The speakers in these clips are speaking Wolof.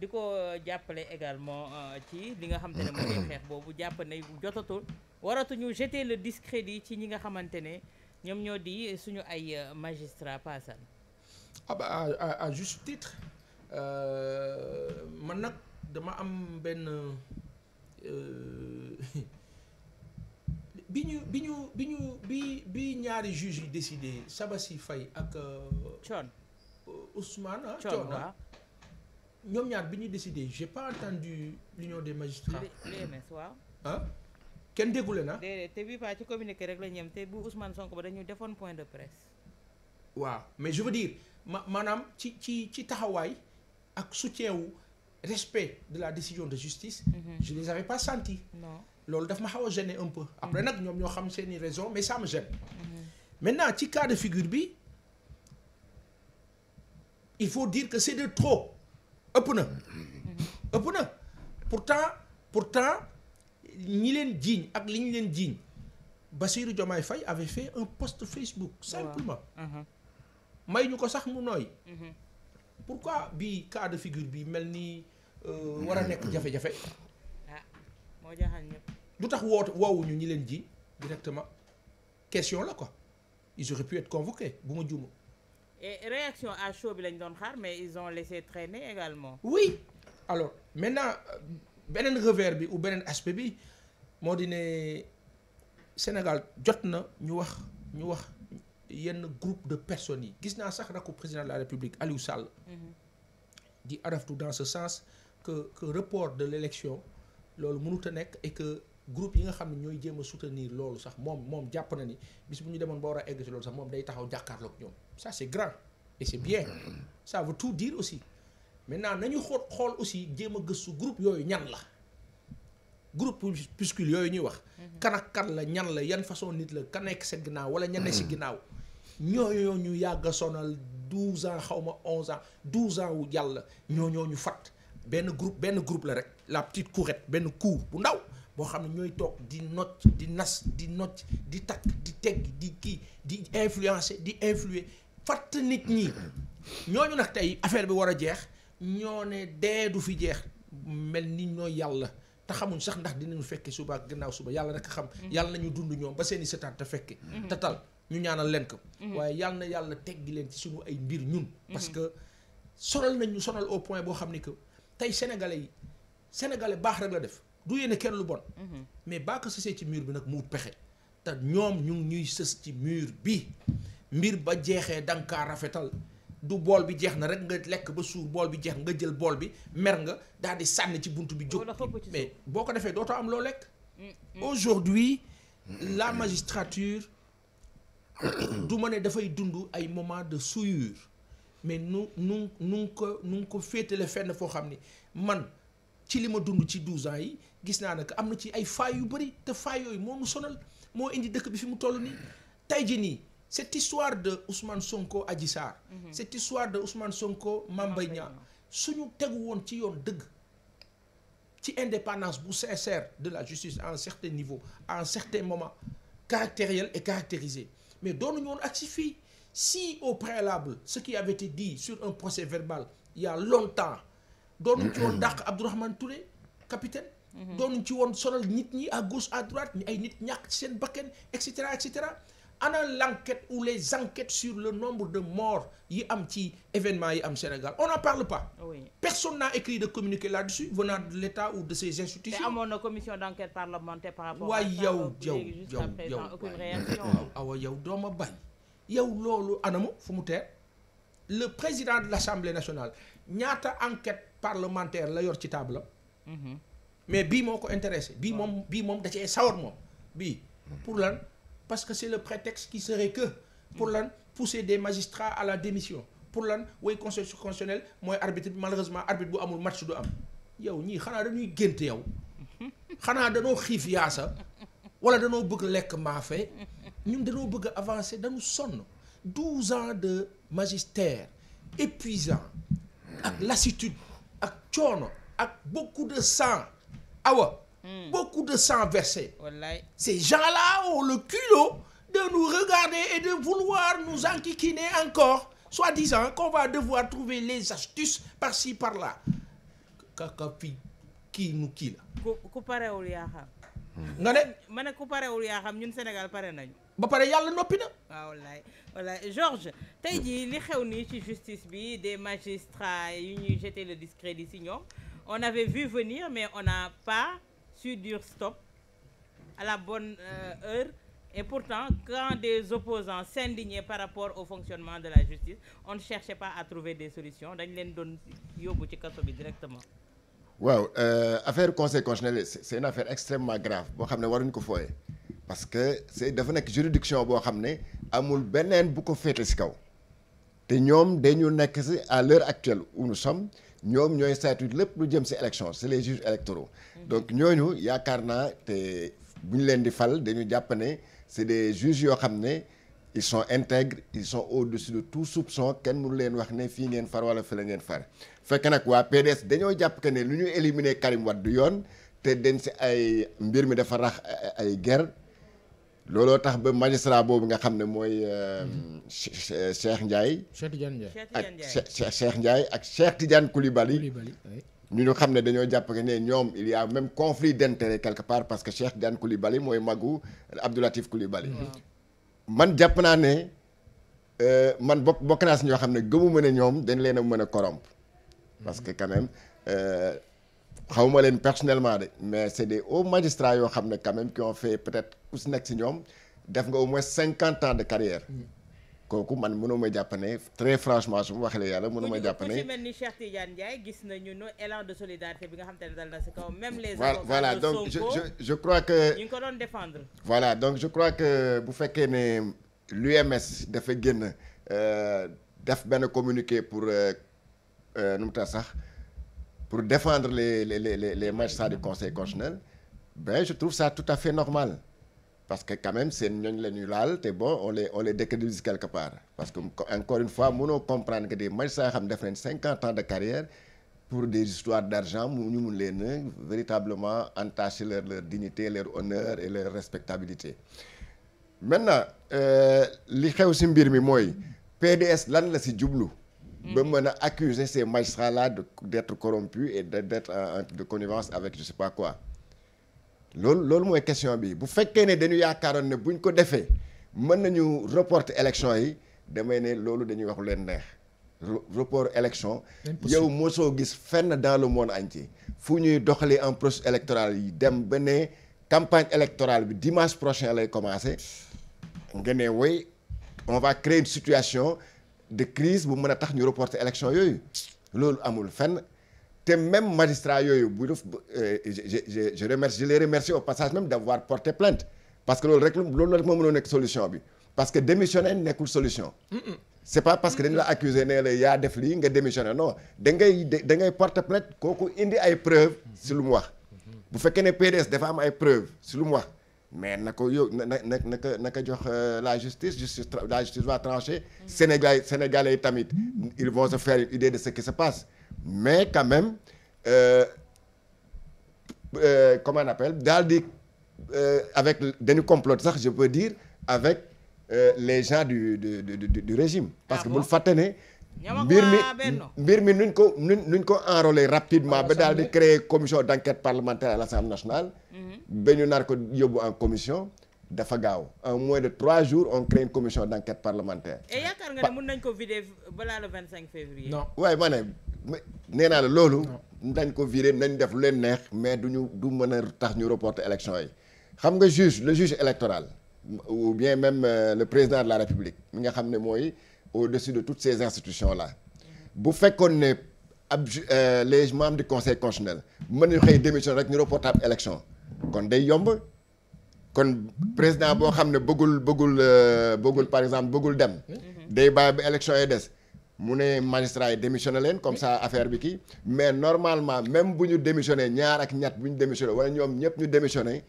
di ko jàppale également euh, ci li nga xam te ne moo di xeex boobu jàpp ne jotatul waratuñu jeter le discrédit ci ñi nga xamante ne ñoom ñoo di suñu ay euh, magistrat paasal ah bah à à juste titre euh, man nag dama am benn bi ñu bi ñu bi ñu bi bi ñaari juge yi décidé Sabassi Faye ak. Thione Ousmane ah Thione ah. ñoom ñaar bi ñu décidé j'ai pas entendu l'union des magistrats. l'UMS waaw. ah kenn déggu leen ah. déedéet te ci communiqué rek la ñu yem bu Ousmane Sonko ba dañu defoon point de presse. waaw mais je veux dire ma maanaam ci ci ci taxawaay ak soutien wu respect de la décision de justice. Mhm. je les avais pas sentis. non loolu daf ma xaw a gêner un peu. après mhm. nag ñoom ñoo xam seeni raison mais ça me gêne. Mhm. maintenant ci cas de figure bi il faut dire que c'est de trop. ëpp na ëpp na pourtant pourtant ñi leen jiiñ ak li ñu leen jiiñ Bassirou Diomaye fay avait fait un post Facebook simplement mhm. may ñu ko sax mu nooy mhm. pourquoi bii cas de figure bi mel ni euh, war a nekk jafe-jafe ah moo jaaxal lu tax woote woowuñu ñi leen jiiñ directement question la ko ils auraient pu être convoqués bu ma juuma et réaction à chaud bi lañu doon xaar mais ils ont laissé traîner également. oui alors maintenant beneen revers bi ou beneen aspect bi moo di ne Sénégal jot na ñu wax ñu wax yenn groupe de personne yi gis naa sax rakku président de la République Aliou Sall. Mhm. di araftu dans ce sens que que report de l'élection loolu mënut a nekk groupe yi nga xam ne ñooy jéem a soutenir loolu sax moom moom jàpp na ni bis bu ñu demoon ba war a egg si loolu sax moom day taxaw jàkkaarloog ñoom ça c'est grand et c'est bien ça veut tout dire aussi maintenant nañu xool xool aussi jéem a gëstu groupe yooyu ñan la groupe puscule yooyu ñuy wax kan kan la ñan la yan façon nit la ka nekk sa ginnaaw wala ña nekk si ginnaaw ñoo ñu yàgg a sonal douze ans xaw ma onze ans douze ans wu jàll ñooñoo ñu fat benn groupe benn groupe la rek la petite courette benn coup bu ndaw boo xam ne ñooy toog di not di nas di not di takk di tegg di kii di influencer di influer fatt nit ñi ñooñu nag tey affaire bi war a jeex ñoo ne dee du fi jeex mel ni ñooy yàlla te xamuñ sax ndax dinañu fekke suba ak gannaaw suba yàlla rek xam mm-hmm. yàlla na ñu dund ñoom ba seeni sëtaat te fekke mm-hmm. te tal ñu ñaanal leen ko mm-hmm. waaye yàlla na yàlla teggi leen ci suñu ay mbir ñun parce que sonal nañ ñu sonal au point boo xam ne que tey sénégalais yi sénégalais baax rek la def du yéene kenn lu bon. Mhm. mais baa ko sësee ci mur bi nag mu wut pexe. te ñoom ñu ñuy sës ci mur bi mbir ba jeexee da rafetal du bool bi jeex na rek nga lekk ba suur bool bi jeex nga jël bool bi mer nga daal di sànni ci bunt bi jóg mais boo ko defee dootoo am loo lekk. Mm, mm. aujourd'hui la magistrature du ma ne dafay dund ay moment de souillure mais nu nu nu ko nu ko féetale fenn foo xam ni man ci li ma dund ci 12 yi. gis naa nag am na ci ay failles yu bëri te failles yooyu moom nu sonal moo indi dëkk bi fi mu toll nii tey ji nii cette histoire de Ousmane Sonko Adji Sarr. Mhm. cette histoire de Ousmane Sonko Mame Mbaye Niang suñu tegu woon ci yoon dëgg ci indépendance bu sincère de la justice à un certain niveau à un certain moment caractériel et caractérisé mais doonuñu woon ak si fii si au préalable ce qui avait été dit sur un procès verbal il y a longtemps doonuñu ci woon dàq Abdourahmane Touré capitaine. Mhm. doonuñ ci woon sonal nit ñi à gauche à droite ay nit ñàkk ci seen bakkan et cetera et cetera ana l'enquête ou les enquêtes sur le nombre de morts yi am ci événement yi am Sénégal on n'en parle pas. personne n'a écrit de communiqué là-dessus venant de l'État ou de ses institutions. te amoon na commission d'enquête parlementaire par rapport. waay yow yow yow yow awa yow doo ma bañ yow loolu anamu fu mu teer le président de l'Assemblée nationale ñaata enquête parlementaire la yor ci table. mais bii moo ko intéressé bii moom bii moom da cee sawar moom bii pour lan parce que c'est le prétexte qui serait que pour mm. lan pousser des magistrats à la démission pour lan way conseil constitutionnel mooy arbitre bi malheureusement arbitre bu amul match du am yow ñii xanaa dañuy gént yow xanaa dañoo xiif yaasa wala danoo bëgg lekk maafe ñun danoo bëgg a avancer dañu sonn douze ans de magistère épuisant ak lassitude ak coono ak beaucoup de sang awa hmm. beaucoup de sang versé wallaay ces gens-là ont le culot de nous regarder et de vouloir nous enquiquiner encore soi-disant qu'on va devoir trouver les astuces par-ci par-là kaka fi kii nu kii la ku parewul yaa xam nga ne ma ne ku parewul yaa xam ñun Sénégal pare nañu ba pare yàlla noppi na. waaw wallaay wallaay Georges tey jii li xew nii ci justice bi des magistrats yu ñuy jeter le discrédit ci ñoom on avait vu venir mais on n'a pas su dire stop à la bonne euh, heure et pourtant quand des opposants s'indignaient par rapport au fonctionnement de la justice on ne cherchait pas à trouver des solutions dañ leen doon yóbbu ci kaso bi directement. waaw euh, affaire conseil constitutionnel c'est une affaire extrêmement grave boo xam ne waruñ ko fooyee. parce que c'est dafa nekk juridiction boo xam ne amul beneen bu ko féete si kaw te ñoom dañu nekk ci à l'heure actuelle où nous ñoom ñooy saytu lépp lu jëm ci élection c'est les juges électoraux mm-hmm. donc ñooñu yaakaar naa te bu leen di fal dañu jàpp ne c'est des juges yoo xam ne ils sont integre ils sont au-dessus de tout soupçon kenn mënu leen wax ne fii ngeen far wala fii la ngeen far fekk nag waa PDS dañoo jàpp que ne lu ñu éliminer Karim Wade du yoon te den ci ay mbir mi dafa rax ay guerre looloo tax ba magistrat boobu nga xam ne mooy euh, Cheikh Ndiaye. Cheikh Tidiane Ndiaye ak Cheikh Cheikh Ndiaye ak Cheikh Tidiane Coulibaly. ñu ñu xam ne dañoo jàpp nga ne ñoom il y a même conflit d'intérêt quelque part parce que Cheikh Tidiane Coulibaly mooy maggu Abdoulatif Coulibaly. man jàpp naa ne euh, man bokk bokk naa si ñoo xam ne gëmuma ne ñoom dañ leen a mën a corrompre. parce que quand euh, xawma leen personnellement de mais c' est des hauts magistrats yoo xam ne quand même qui ont fait peut-être si nekk si ñoom def nga au moins cinquante ans de carrière mm. kooku man mënuma jàpp jàppane très franchement su ma waxee la yàlla mënuma jàpp ne ku ci mel ni Cheikh Tidiane Ndiaye gis nañu no élan de solidarité bi nga xam te ne dal na si kaw même les avocats voilà donc je je je crois que ñu ngi ko doon défendre voilà donc je crois que bu fekkee ne l'UMS dafa génn euh, def benn communiqué pour euh, euh, nu mu tax sax pour défendre les les les les magistrats du conseil constitutionnel ben je trouve ça tout à fait normal parce que quand même seen ñooñ la ñuy laal te bon on les on les décrédibilise quelque part parce que encore une fois mënoo comprendre que des magistrats yoo xam def nañ cinquante ans de carrière pour des histoires d'argent mu ñu mun leen a véritablement entacher leur leur dignité leur honneur et leur respectabilité maintenant euh, li xew si mbir mi mooy PDS lan la si jublu ba mën a accuser ces magistrats là de d'être corrompus et de d'être en connivence avec je sais pas quoi loolu loolu mooy question bi bu fekkee ne dañu yaakaaroon ne buñ ko defee mën nañu reporter élection yi damay ne loolu dañuy wax leen neex report élection yow mosoo gis fenn dans le monde entier fu ñuy doxali en processus électoral yi dem ba ne campagne électoral bi dimanche prochain lay commencer nga ne woy on va créer une situation de crise bu mën a tax ñu reporter élection yooyu loolu amul fenn te même magistrat yooyu bu def euh, je je je remercie je les remercie au passage même d'avoir porté plainte parce que loolu rek loolu rek moo mënoon nekk solution bi parce que démissionner nekkul solution. c'est pas parce que dañu la accuser ne la yaa def lii nga démissionner non da ngay da ngay porter plainte kooku indi ay preuves si lu mu wax mm-hmm. bu fekkee ne PDS dafa am ay preuves si lu mu wax. mais na ko yow na na na na ko jox euh, la justice justice la justice va trancher. Mm. Sénégal Sénégalais yi tamit. ils vont se faire une idée de ce qui se passe. mais quand même euh, euh, comment on appelle daal di euh, avec dañu complot sax je peux dire avec euh, les gens du du du du, régime. parce ah que bul fàtte ne. mbir mi mbir mi nuñ ko nuñ ko enrôler rapidement ba daal di créer commission d'enquête parlementaire à l'Assemblée nationale mhm. ba ñu nar ko yóbbu en commission dafa gaaw en moins de trois jours on crée une commission d'enquête parlementaire et yaakaar nga ne mën nañ ko vider balaa le février ne naa la loolu dañ ko vider nañ def lu leen neex mais duñu du mën a tax ñu reporter élection yi xam nga juge le juge électoral ou bien même euh, le président de la République mi nga xam ne mooy au-dessus de toutes ces institutions-là bu fekkoon ne ab euh, les membres du conseil constitutionnel mën nañu xëy démission rek ñu reportable élection kon day yomb kon président boo xam ne bëggul bëggul euh, bëggul par exemple bëggul dem day bàyyi ba élection yi des mu ne magistrat yi démissionné leen comme ça affaire bi kii mais normalement même bu ñu démissionné ñaar ak ñett bu ñu démissionné wala ñoom ñëpp ñu démissionné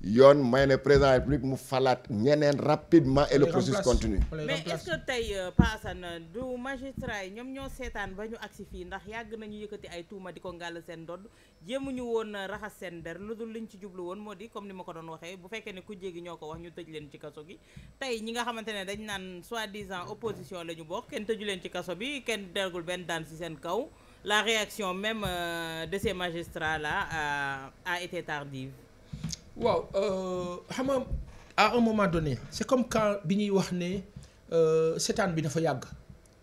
yoon may na président république mu falaat ñeneen rapidement et le continue mais est-ce que tey euh, paasan du magistrat yi ñoom ñoo seetaan ba ñu agsi fii ndax yàgg nañu yëkkati ay tuuma di ko ngàll seen ndodd jéemuñu woon raxas seen der lu dul liñ ci jublu woon moo di comme ni ma ko doon waxee bu fekkee ne ku jéegi ñoo ko wax ñu tëj leen ci kaso gi tey ñi nga xamante ne dañ naan soi-disant opposition la ñu bokk kenn tëju leen ci kaso bi kenn dergul benn daan si seen kaw la réaction même euh, de ces magistrats là euh, a été tardive waaw euh, xam nga à un moment donné c'est comme quand bi ñuy wax ne euh, seetaan bi dafa yàgg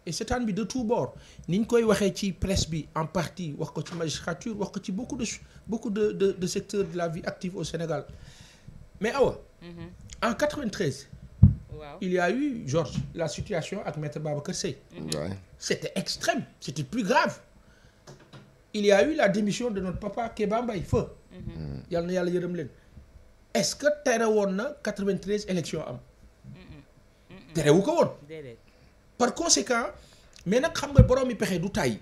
e seetaan bi de tout bord ni ñu koy waxee ci presse bi en partie wax ko ci magistrature wax ko ci beaucoup de beaucoup de de de secteurs de la vie active au Sénégal mais awa. Mm-hmm. en waaw il y a eu Georges la situation ak maître Babacar Seye. waay mm-hmm. c'était extrême c'était plus grave. il y eu la démission de notre papa Kéba Mbaye feu. Mm-hmm. yàlla na yàlla yërëm leen. est-ce que tere woon na 93 élections am. wu ko woon. par conséquent mais nag xam nga borom mi pexe du tàyyi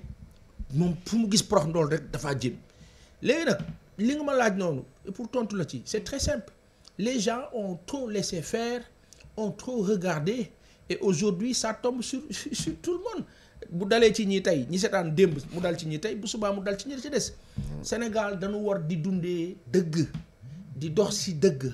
moom fu mu gis prox ndool rek dafa jëm léegi nag li nga ma laaj noonu pour tontu la ci c'est très simple les gens ont trop laissé faire on trop regardé et aujourd'hui ça tombe sur sur tout le mone bu dalee ci ñi tey ñi seetaan démb mu dal ci ñi tey bu subaa mu dal ci ñi ci des mm. Sénégal dañu war di dundee dëgg. di dox si dëgg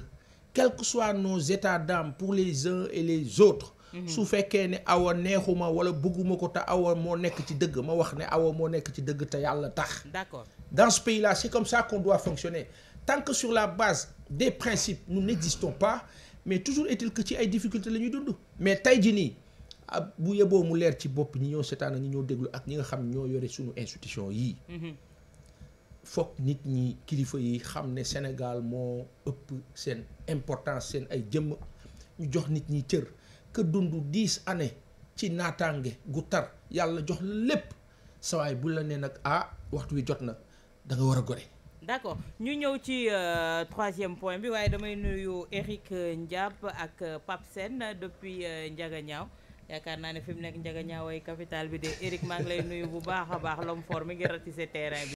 quels que soient nos états d'âme pour les uns et les autres mhm. su fekkee ne awa neexuma wala bëgguma ko te awa moo nekk ci dëgg ma wax ne awa moo nekk ci dëgg te yàlla tax d'accord dans ce pays là c'est comme ça qu'on doit fonctionner tant que sur la base des principes nous n'existons pas mais toujours est-il ci ay difficultés la ñuy dund mais tey jii nii bu yeboo mu leer ci bopp ñi ñoo seetaan ñi ñoo déglu ak ñi nga xam ñoo yore suñu institution yii mhm. foog nit ñi kilifa yi xam ne senegal moo ëpp seen importance seen ay jëmm ñu jox nit ñi cër que dund dix années ci naataange gu tar yàlla jox la lépp sawaay bu la nee nag ah waxtu wi jot na da war a gore d'accord ñu ñëw ci euh, troisième point bi waaye damay nuyu Éric euh, Ndiab ak euh, Pape Sène depuis Ndiaganiao yaakaar naa ne fi mu nekk Ndiaganiao ay capital bi de Éric maa ngi lay nuyu bu baax a baax l'homme fort mi ngi ratissé terrain bi